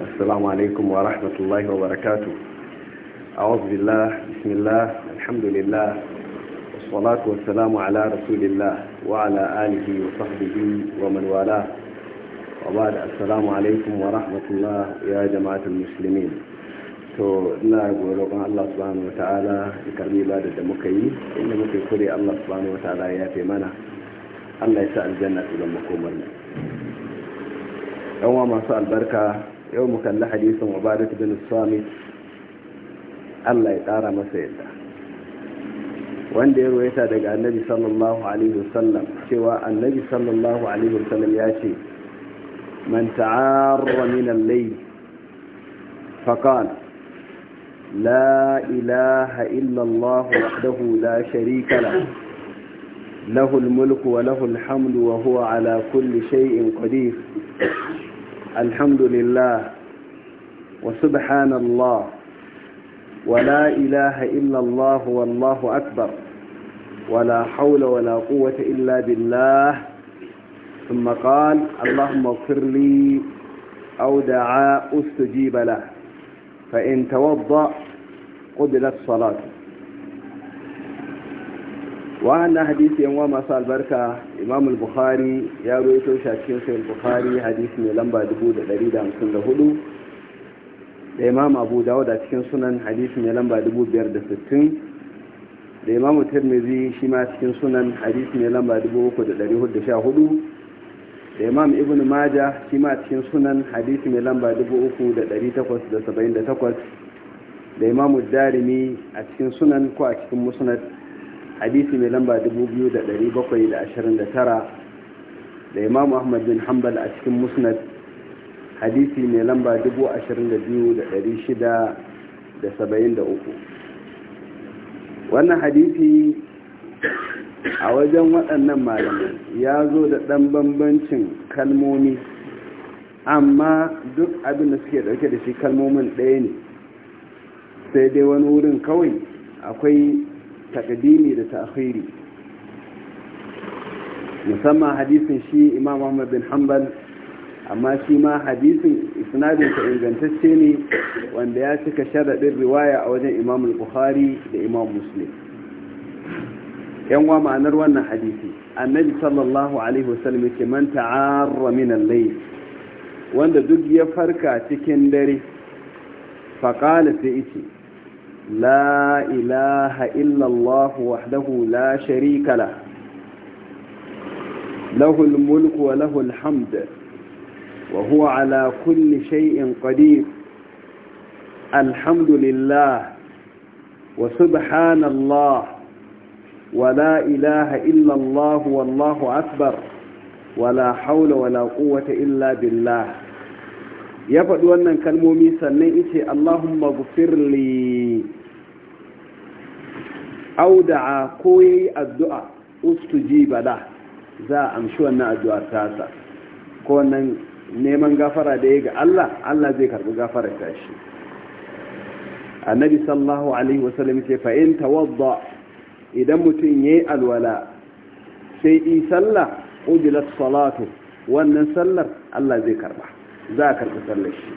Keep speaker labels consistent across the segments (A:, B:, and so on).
A: السلام عليكم ورحمة الله وبركاته أعوذ بالله بسم الله الحمد لله والصلاة والسلام على رسول الله وعلى آله وصحبه ومن والاه وبعد السلام عليكم ورحمة الله يا جماعة المسلمين تو لا أقول الله سبحانه وتعالى يكرمي بعد المكيد إن ممكن كري الله سبحانه وتعالى يا في الله يسأل الجنة لما كومرنا أول ما سأل بركة yau mu kalli hadisin ubadat bin samit Allah ya ƙara masa yadda wanda ya ruwaita daga annabi sallallahu alaihi wasallam cewa annabi sallallahu alaihi wasallam ya ce man ta'arra min al-layl faqala la ilaha illa Allah wahdahu la sharika lahu له الملك وله الحمد وهو على كل شيء قدير الحمد لله وسبحان الله ولا إله إلا الله والله أكبر ولا حول ولا قوة إلا بالله ثم قال اللهم اغفر لي أو دعاء استجيب له فإن توضأ قبلت صلاته Wa'annan hadisi yan wama masu albarka imam al bukhari ya roito shi a cikin al bukhari hadisi mai lamba 154 da imam abu dawud a cikin sunan hadisi mai lamba 560 da imam tirmidhi shi ma cikin sunan hadisi mai lamba 3414 da imam ibn maja shi ma cikin sunan hadisi mai lamba 3878 da imam darimi a cikin sunan ko a cikin musnad hadisi mai lamba 2729 da imamu ahmad bin hanbal a cikin musnad hadisi mai lamba uku. wannan hadisi a wajen waɗannan malamai ya zo da ɗan bambancin kalmomi amma duk abin da suke ɗauke da shi kalmomin ɗaya ne sai dai wani wurin kawai akwai takadimi da ta'khiri musamman hadisin shi imam ahmad bin hanbal amma shi ma hadisin isnadinsa ingantacce ne wanda ya cika sharaɗin riwaya a wajen imam al-bukhari da imam muslim yan wa ma'anar wannan hadisi annabi sallallahu alaihi wasallam yake man ta'arra min al-layl wanda duk ya farka cikin dare faqala sai yace لا إله إلا الله وحده لا شريك له له الملك وله الحمد وهو على كل شيء قدير الحمد لله وسبحان الله ولا إله إلا الله والله أكبر ولا حول ولا قوة إلا بالله يفضل أن كلمومي سنة إيشي اللهم اغفر لي auda'a ko yayi addu'a ustujiba bala za a amshi wannan addu'a tasa ko wannan neman gafara da ya ga Allah Allah zai karbi gafara ta shi annabi sallallahu alaihi wasallam ce fa in tawadda idan mutum yayi alwala sai yi sallah ujilat salatu wannan sallar Allah zai karba za a karbi sallar shi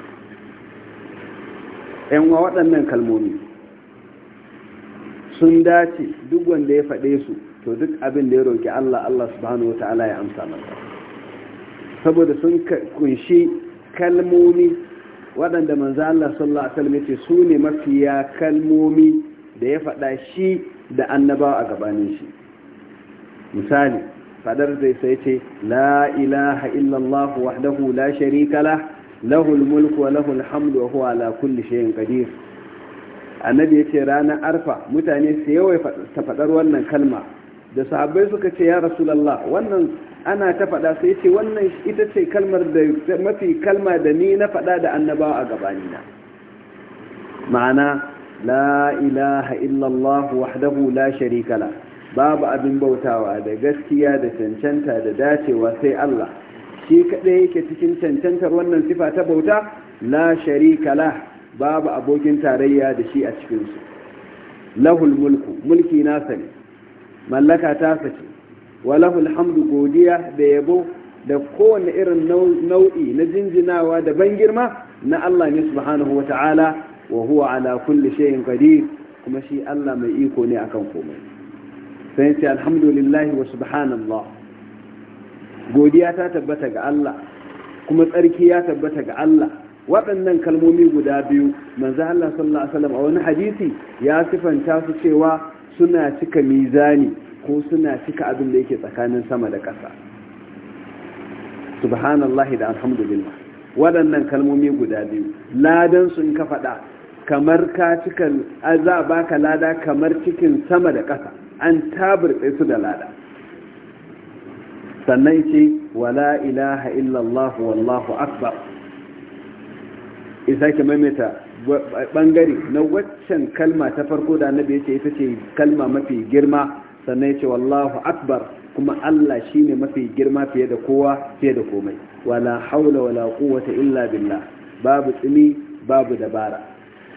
A: ɗan wa waɗannan kalmomi sun dace duk wanda ya faɗe su to duk abin da ya roƙi Allah Allah subhanahu wata'ala ya amsa masa saboda sun kunshi kalmomi waɗanda manzo Allah sallallahu alaihi wasallam yace su ne mafiya kalmomi da ya faɗa shi da annabawa a gabanin shi misali fadar zai sai ce la ilaha illallah wahdahu la sharika lah lahul mulku wa lahul hamdu wa huwa ala kulli shay'in qadir annabi ya ce ranar arfa mutane su yawai ta faɗar wannan kalma da sahabbai suka ce ya rasulallah wannan ana ta faɗa sai ce wannan ita ce kalmar da mafi kalma da ni na faɗa da annabawa a gabanina ma'ana la ilaha illallah wahdahu la sharikala babu abin bautawa da gaskiya da cancanta da dacewa sai Allah shi kaɗai yake cikin cancantar wannan sifa ta bauta la sharikala babu abokin tarayya da shi a cikinsu lahul mulku mulki nasa ne mallaka ta sace wa lahul hamdu godiya da yabo da kowane irin nau'i na jinjinawa da ban girma na Allah ne subhanahu wata'ala wa huwa ala kulli shay'in qadir kuma shi Allah mai iko ne akan komai sai ce alhamdulillah wa subhanallah godiya ta tabbata ga Allah kuma tsarki ya tabbata ga Allah waɗannan kalmomi guda biyu manzo Allah sallallahu alaihi wasallam a wani hadisi ya sifanta su cewa suna cika mizani ko suna cika abin da yake tsakanin sama da ƙasa subhanallahi da alhamdulillah waɗannan kalmomi guda biyu ladan sun ka faɗa kamar ka cika za baka lada kamar cikin sama da ƙasa an tabirtse su da lada sannan ce wala ilaha illallah wallahu akbar ya sake maimaita bangare na waccan kalma ta farko da annabi yace ita ce kalma mafi girma sannan ce wallahu akbar kuma Allah shine mafi girma fiye da kowa fiye da komai wala haula wala quwwata illa billah babu tsimi babu dabara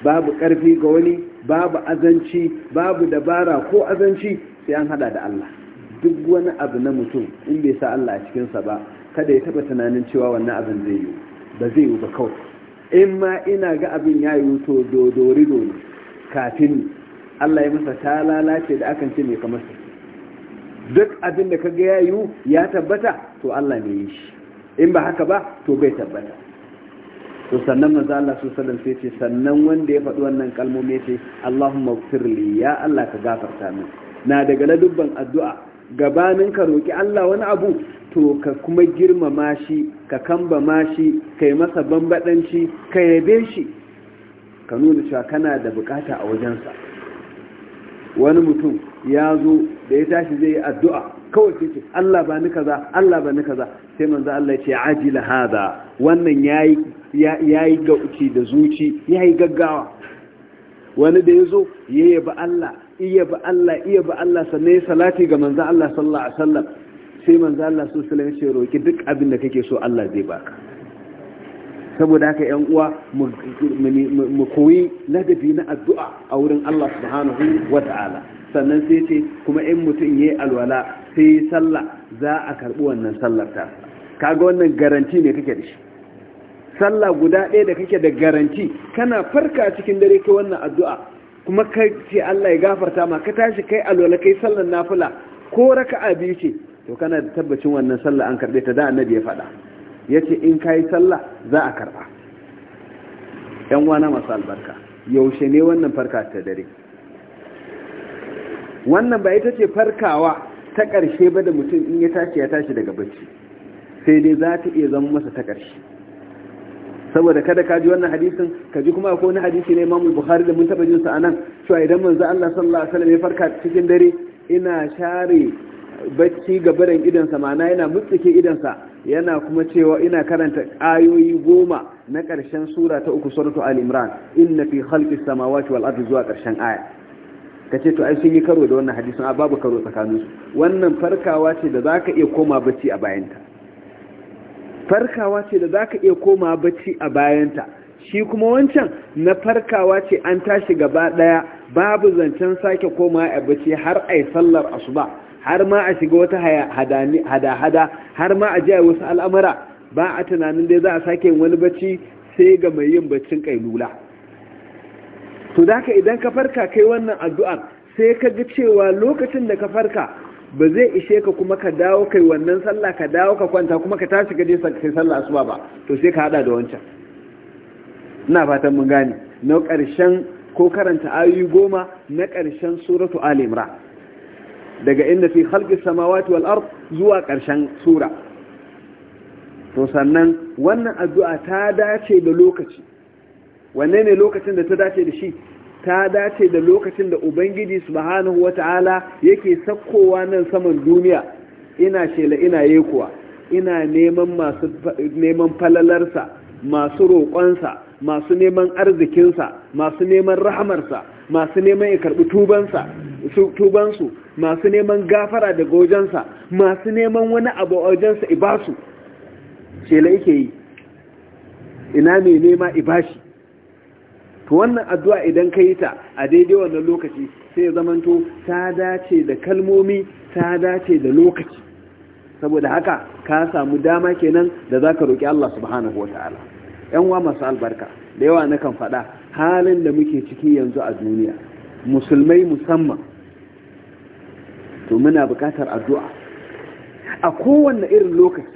A: babu karfi ga wani babu azanci babu dabara ko azanci sai an hada da Allah duk wani abu na mutum in bai sa Allah a cikinsa ba kada ya taba tunanin cewa wannan abin zai yi ba zai yi ba kawai in ma ina ga abin ya yi to dodori dori kafin Allah ya masa ta lalace da akan ce mai kamar duk abin da kaga ya yi ya tabbata to Allah ne yi shi in ba haka ba to bai tabbata to sannan manzo Allah su sallam sai ce sannan wanda ya faɗi wannan kalmomi ce Allahumma firli ya Allah ka gafarta min na daga ladubban addu'a gabanin ka roki Allah wani abu to ka kuma girmama shi ka kamba shi kai masa bambadanci ka yabe shi ka nuna cewa kana da bukata a wajensa wani mutum ya zo da ya tashi zai yi addu'a kawai sai ce Allah ba ni kaza Allah ba ni kaza sai manzo Allah ya ce ajila hada wannan yayi yayi ga uci da zuci yayi gaggawa wani da yazo yayi ba Allah iya ba Allah iya ba Allah sannan ya salati ga manzo Allah sallallahu alaihi wasallam sai manzo Allah su sallama ce roki duk abin da kake so Allah zai baka saboda haka yan uwa mu koyi ladabi na addu'a a wurin Allah subhanahu wata'ala sannan sai ce kuma in mutum yayi alwala sai sallah za a karbi wannan sallar ta kaga wannan garanti ne kake da shi sallah guda ɗaya da kake da garanti kana farka cikin dare kai wannan addu'a kuma kai ce Allah ya gafarta ma ka tashi kai alwala kai sallar nafila ko raka'a biyu ce to kana da tabbacin wannan sallah an karbe ta da annabi ya faɗa yace in kai sallah za a karba yan wana masu albarka yaushe ne wannan farka ta dare wannan ba ita ce farkawa ta ƙarshe ba da mutum in ya tashi ya tashi daga bacci sai dai za ta iya zama masa ta ƙarshe saboda kada ka ji wannan hadisin ka ji kuma akwai wani hadisi ne Imam Bukhari da mun taba jinsa anan cewa idan manzo Allah sallallahu alaihi wasallam ya farka cikin dare ina share bacci ga barin idansa ma'ana yana mutsike idansa yana kuma cewa ina karanta ayoyi goma na ƙarshen sura ta uku suratu al-imran inna fi khalqis samawati wal ardi zuwa ƙarshen aya kace to ai sun yi karo da wannan hadisin a babu karo tsakanin su wannan farkawa ce da zaka iya koma bacci a bayanta farkawa ce da zaka iya koma bacci a bayanta shi kuma wancan na farkawa ce an tashi gaba daya babu zancen sake koma a bacci har ai sallar asuba har ma a shiga wata hada-hada har ma a jiya wasu al'amura ba a tunanin dai za a sake wani bacci sai ga mai yin baccin lula to da idan ka farka kai wannan addu'ar sai ka ga cewa lokacin da ka farka ba zai ishe ka kuma ka dawo kai wannan sallah ka dawo ka kwanta kuma ka tashi gaje sai sallah asuba ba to sai ka hada da wancan ina fatan mun gane na karshen ko karanta ayoyi goma na karshen suratu al-imran daga inda fi khalqis samawati wal ard zuwa ƙarshen sura to sannan wannan addu'a ta dace da lokaci wanne ne lokacin da ta dace da shi ta dace da lokacin da ubangiji subhanahu wata'ala yake sakkowa nan saman duniya ina shela ina yekuwa ina neman masu neman falalarsa masu roƙonsa masu neman arzikinsa masu neman rahamarsa masu neman ya karɓi tubansa tubansu masu neman gafara da wajensa masu neman wani abu a wajensa ibasu shela yake yi ina mai nema ibashi to wannan addu'a idan ka yi ta a daidai wannan lokaci sai ya zamanto ta dace da kalmomi ta dace da lokaci saboda haka ka samu dama kenan da za ka roƙi Allah subhanahu wa ta'ala ‘yanwa masu albarka da yawa na kan faɗa halin da muke ciki yanzu a duniya musulmai musamman to muna bukatar addu'a a kowane irin lokaci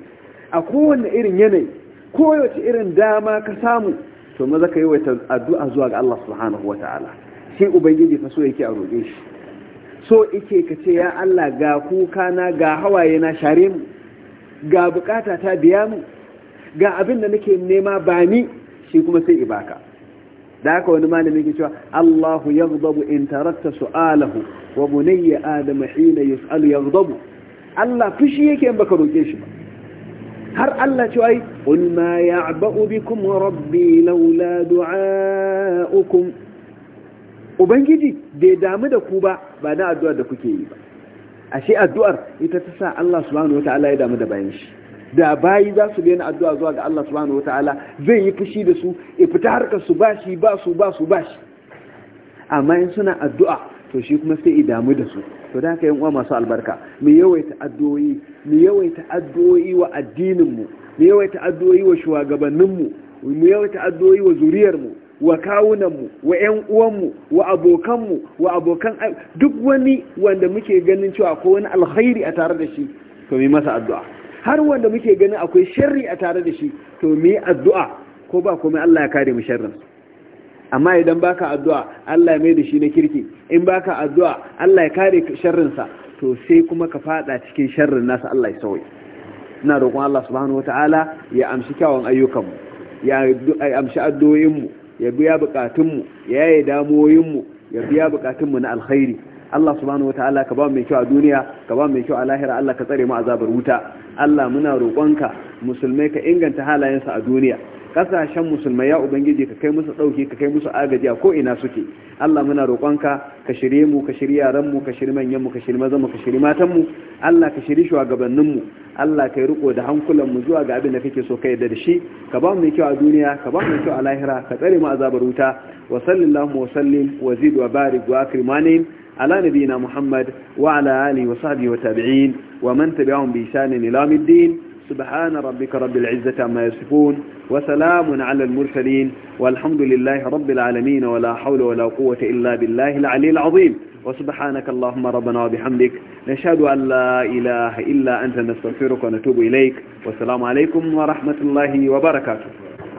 A: a kowane irin yanayi koyaushe irin dama ka samu to maza ka yi wata addu'a zuwa ga Allah subhanahu wa ta'ala shi ubangiji fa so yake a roƙe shi so ike ka ce ya Allah ga kuka na ga hawaye na share mu ga bukata ta biya mu ga abin da nake nema ba ni shi kuma sai ibaka da haka wani malamin ke cewa Allahu yaghdabu in tarakta su'alahu wa bunayya adam hina yus'alu yaghdabu Allah fushi yake in baka roke shi ba har Allah ce ai qul ma ya'ba'u bikum rabbi laula du'a'ukum ubangiji bai damu da ku ba ba da addu'ar da kuke yi ba ashe addu'ar ita ta sa Allah subhanahu wataala ya damu da bayan shi da bayi za su daina addu'a zuwa ga Allah subhanahu ta’ala zai yi fushi da su ya fita harkar su bashi ba su ba su bashi amma in suna addu'a to shi kuma sai i damu da su to da haka yan uwa masu albarka mu yawaita addu'o'i mu yawaita addu'o'i wa addinin mu yawaita addu'o'i wa shugabannin mu yawaita addu'o'i wa zuriyar wa kawunanmu wa 'yan uwanmu wa abokanmu wa abokan duk wani wanda muke ganin cewa ko wani alkhairi a tare da shi to yi masa addu'a har wanda muke ganin akwai sharri a tare da shi to mu addu'a ko ba kuma Allah ya kare mu sharrin amma idan baka addu'a Allah ya mai da shi na kirki in baka addu'a Allah ya kare sharrin sa to sai kuma ka fada cikin sharrin nasa Allah ya sauye ina roƙon Allah subhanahu wataala ya amshi kyawun ayyukan mu ya amshi addu'o'in mu ya biya bukatun mu ya yi damuwoyin mu ya biya bukatun mu na alkhairi Allah subhanahu wataala ka ba mu mai kyau a duniya ka ba mu mai kyau a lahira Allah ka tsare mu azabar wuta Allah muna roƙonka musulmai ka inganta halayensu a duniya kasashen musulmai ya ubangiji ka kai musu dauki ka kai musu agaji a ko ina suke Allah muna roƙonka ka shirye mu ka shirya yaran mu ka shirye manyan mu ka shirye mazan ka shirye matan mu Allah ka shirye shugabannin mu Allah kai riko da hankulan mu zuwa ga abin da kake so kai da shi ka ba mu kyau a duniya ka ba mu kyau a lahira ka tsare mu azabar wuta wa sallallahu wa sallim wa zid wa barik wa akrimani على نبينا محمد وعلى آله وصحبه وتابعين ومن تبعهم بإشان نلام الدين سبحان ربك رب العزة عما يصفون وسلام على المرسلين والحمد لله رب العالمين ولا حول ولا قوة إلا بالله العلي العظيم وسبحانك اللهم ربنا وبحمدك نشهد أن لا إله إلا أنت نستغفرك ونتوب إليك والسلام عليكم ورحمة الله وبركاته